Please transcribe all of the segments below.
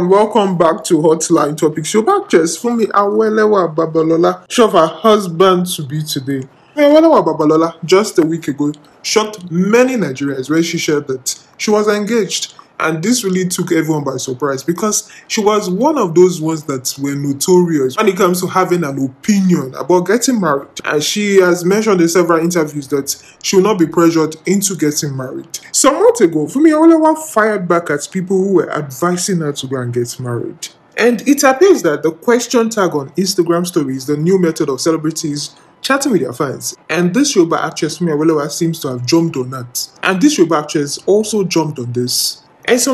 everyone, welcome back to Hotline Topics. Your back just Fumi Awelewa Babalola shot her husband to be today. Awelewa Babalola, just a week ago, shocked many Nigerians when she shared that she was engaged and this really took everyone by surprise because she was one of those ones that were notorious when it comes to having an opinion about getting married. And she has mentioned in several interviews that she will not be pressured into getting married. Some months ago, Fumi Olewa fired back at people who were advising her to go and get married. And it appears that the question tag on Instagram stories, the new method of celebrities chatting with their fans. And this Yoruba actress Fumi Awolowa seems to have jumped on that. And this Yoruba actress also jumped on this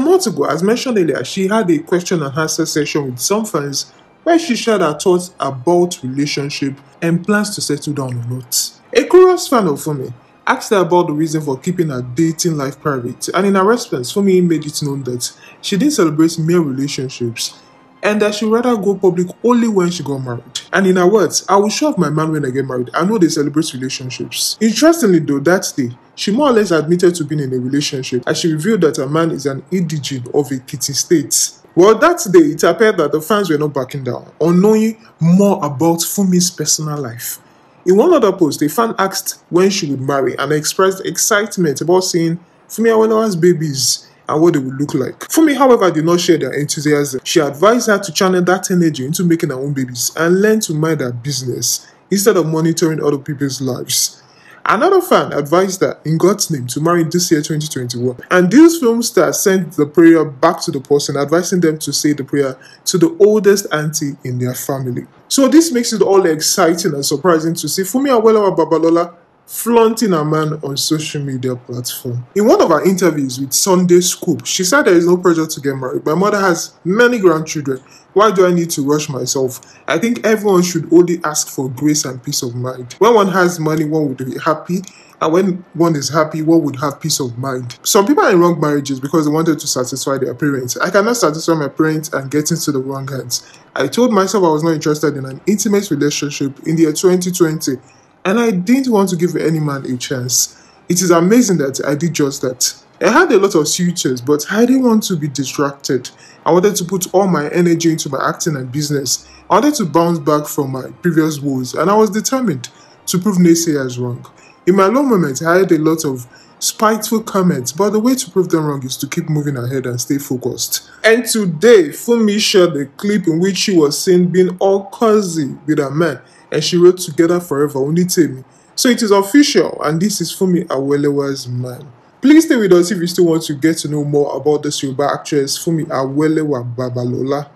months ago, as mentioned earlier, she had a question and answer session with some fans where she shared her thoughts about relationship and plans to settle down or not. A curious fan of Fumi asked her about the reason for keeping her dating life private, and in her response, Fumi made it known that she didn't celebrate mere relationships and that she'd rather go public only when she got married. And in her words, I will show off my man when I get married. I know they celebrate relationships. Interestingly, though, that day, she more or less admitted to being in a relationship as she revealed that her man is an indigene of a kitty state. Well, that day, it appeared that the fans were not backing down on knowing more about Fumi's personal life. In one other post, a fan asked when she would marry and expressed excitement about seeing Fumi Awolawa's babies and what they would look like. Fumi, however, did not share their enthusiasm. She advised her to channel that energy into making her own babies and learn to mind her business instead of monitoring other people's lives. Another fan advised her, in God's name, to marry this year 2021. And these film stars sent the prayer back to the person, advising them to say the prayer to the oldest auntie in their family. So this makes it all exciting and surprising to see Fumi Awelawa Babalola flaunting a man on social media platform. In one of our interviews with Sunday Scoop, she said there is no pressure to get married. My mother has many grandchildren. Why do I need to rush myself? I think everyone should only ask for grace and peace of mind. When one has money, one would be happy. And when one is happy, one would have peace of mind. Some people are in wrong marriages because they wanted to satisfy their parents. I cannot satisfy my parents and get into the wrong hands. I told myself I was not interested in an intimate relationship in the year 2020 and I didn't want to give any man a chance. It is amazing that I did just that. I had a lot of suitors, but I didn't want to be distracted. I wanted to put all my energy into my acting and business. I wanted to bounce back from my previous woes, and I was determined to prove naysayers wrong. In my low moments, I had a lot of spiteful comments, but the way to prove them wrong is to keep moving ahead and stay focused. And today, Fumi shared a clip in which she was seen being all cozy with a man, and she wrote "Together Forever Only Temi." So it is official, and this is Fumi Awelewa's man. Please stay with us if you still want to get to know more about this Yoruba actress Fumi Awelewa Babalola.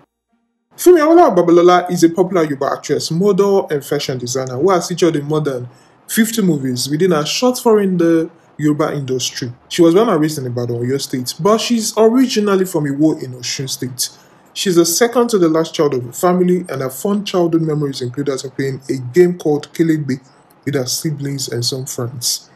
Fumi Awelewa Babalola is a popular Yoruba actress, model, and fashion designer who has featured in more than 50 movies within a short in the Yoruba industry. She was born and raised in Ibadan, Oyo State, but she's originally from Iwo in Osun State. She's the second to the last child of her family, and her fond childhood memories include her playing a game called Kelegbe with her siblings and some friends.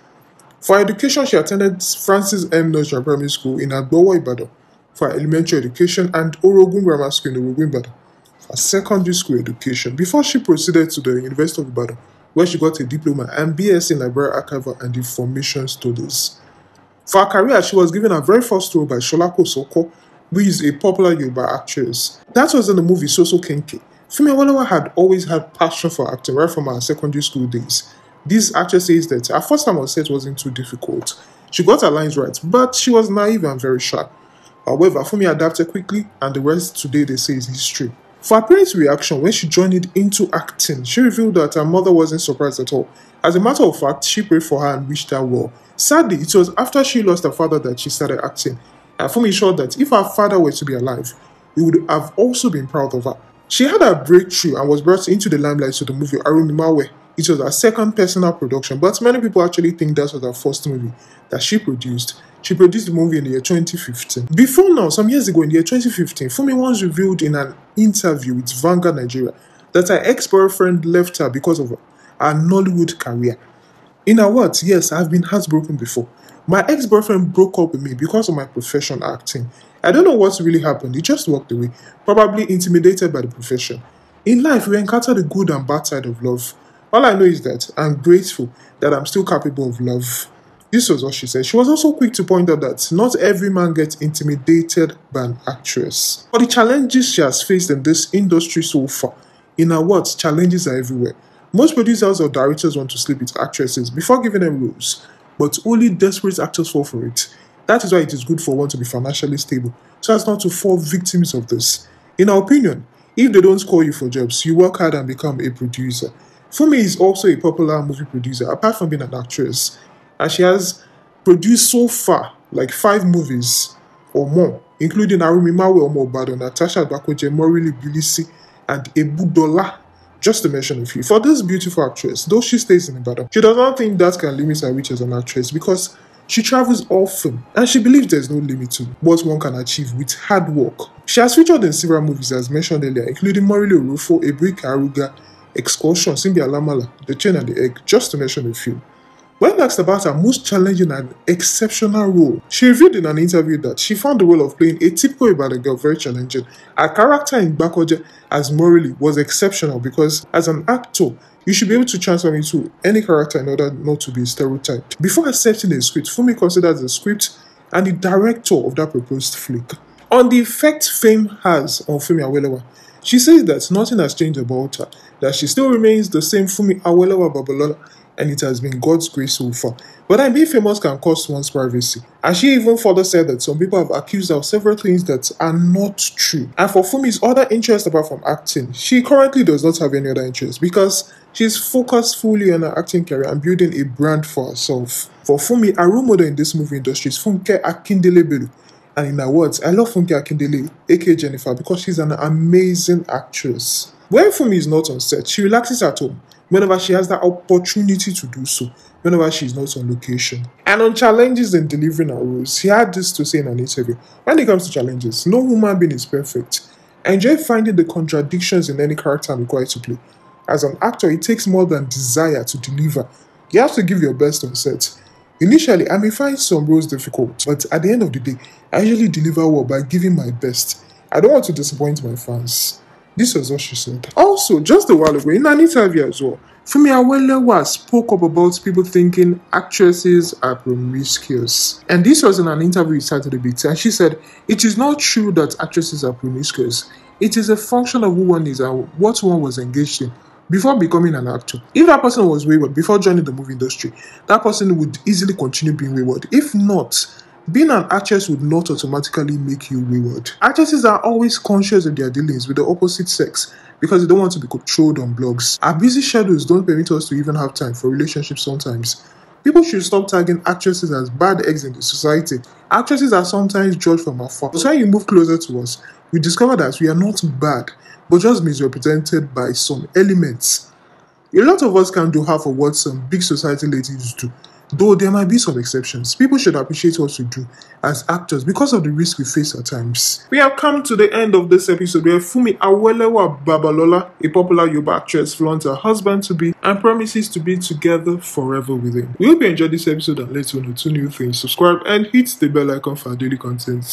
For education, she attended Francis M. Nojra Primary School in Agbowo, Ibadan for elementary education and Orogun Grammar School in Orogun, Ibadan for secondary school education before she proceeded to the University of Ibadan where she got a diploma and BS in Library Archival and Information Studies. For her career, she was given her very first role by Sholako Soko, who is a popular Yoruba actress. That was in the movie Soso Kenke. Fumi Awolowo had always had passion for acting right from her secondary school days. This actress says that her first time on set wasn't too difficult. She got her lines right, but she was naive and very sharp. However, Fumi adapted quickly, and the rest today they say is history. For her parents' reaction when she joined into acting, she revealed that her mother wasn't surprised at all. As a matter of fact, she prayed for her and wished her well. Sadly, it was after she lost her father that she started acting. Her showed that if her father were to be alive, he would have also been proud of her. She had a breakthrough and was brought into the limelight to the movie Arumimawe. It was her second personal production, but many people actually think that was her first movie that she produced. She produced the movie in the year 2015. Before now, some years ago in the year 2015, Fumi once revealed in an interview with Vanguard Nigeria that her ex-boyfriend left her because of her Nollywood career. In her words, yes, I've been heartbroken before. My ex-boyfriend broke up with me because of my profession acting. I don't know what really happened. He just walked away, probably intimidated by the profession. In life, we encounter the good and bad side of love. All I know is that I'm grateful that I'm still capable of love. This was what she said. She was also quick to point out that not every man gets intimidated by an actress. But the challenges she has faced in this industry so far, in her words, challenges are everywhere. Most producers or directors want to sleep with actresses before giving them roles, but only desperate actors fall for it. That is why it is good for one to be financially stable, so as not to fall victims of this. In our opinion, if they don't call you for jobs, you work hard and become a producer. Fumi is also a popular movie producer, apart from being an actress and she has produced so far like five movies or more, including Arumi Mawe Omobado, Natasha Bakoje, Morili Bilisi, and Ebu Dola, just to mention a few. For this beautiful actress, though she stays in Ibadan, she does not think that can limit her reach as an actress because she travels often and she believes there's no limit to what one can achieve with hard work. She has featured in several movies as mentioned earlier, including Morili Rufu, Ebrika Aruga, Excursion, Simbi Alamala, The Chain and the Egg, just to mention a few. When asked about her most challenging and exceptional role, she revealed in an interview that she found the role of playing a typical Ibadan girl very challenging. Her character in Bakoje as Morley was exceptional because, as an actor, you should be able to transform into any character in order not to be stereotyped. Before accepting a script, Fumi considers the script and the director of that proposed flick. On the effect fame has on Fumi Awelewa, she says that nothing has changed about her, that she still remains the same Fumi Awolowo Babalola, and it has been God's grace so far. But I being famous can cost one's privacy. And she even further said that some people have accused her of several things that are not true. And for Fumi's other interest apart from acting, she currently does not have any other interest because she's focused fully on her acting career and building a brand for herself. For Fumi, a role model in this movie industry is Funke Akindelebelu, and in her words, I love Funke Akindele, aka Jennifer, because she's an amazing actress. When Fumi is not on set, she relaxes at home whenever she has the opportunity to do so, whenever she's not on location. And on challenges in delivering her roles, she had this to say in an interview. When it comes to challenges, no human being is perfect. I enjoy finding the contradictions in any character I'm required to play. As an actor, it takes more than desire to deliver. You have to give your best on set. Initially, I may find some roles difficult, but at the end of the day, I usually deliver well by giving my best. I don't want to disappoint my fans. This was what she said. Also, just a while ago, in an interview as well, Fumi Awelewa spoke up about people thinking actresses are promiscuous. And this was in an interview with Saturday Beat, and she said, It is not true that actresses are promiscuous. It is a function of who one is and what one was engaged in before becoming an actor. If that person was wayward before joining the movie industry, that person would easily continue being wayward. If not, being an actress would not automatically make you wayward. Actresses are always conscious of their dealings with the opposite sex because they don't want to be controlled on blogs. Our busy schedules don't permit us to even have time for relationships sometimes. People should stop tagging actresses as bad eggs in the society. Actresses are sometimes judged from afar. But when you move closer to us, we discover that we are not bad, but just misrepresented by some elements. A lot of us can do half of what some big society ladies do. Though there might be some exceptions, people should appreciate what we do as actors because of the risk we face at times. We have come to the end of this episode where Fumi Awelewa Babalola, a popular Yoruba actress, flaunts her husband to be and promises to be together forever with him. We hope you enjoyed this episode and let's know two new things. Subscribe and hit the bell icon for our daily content.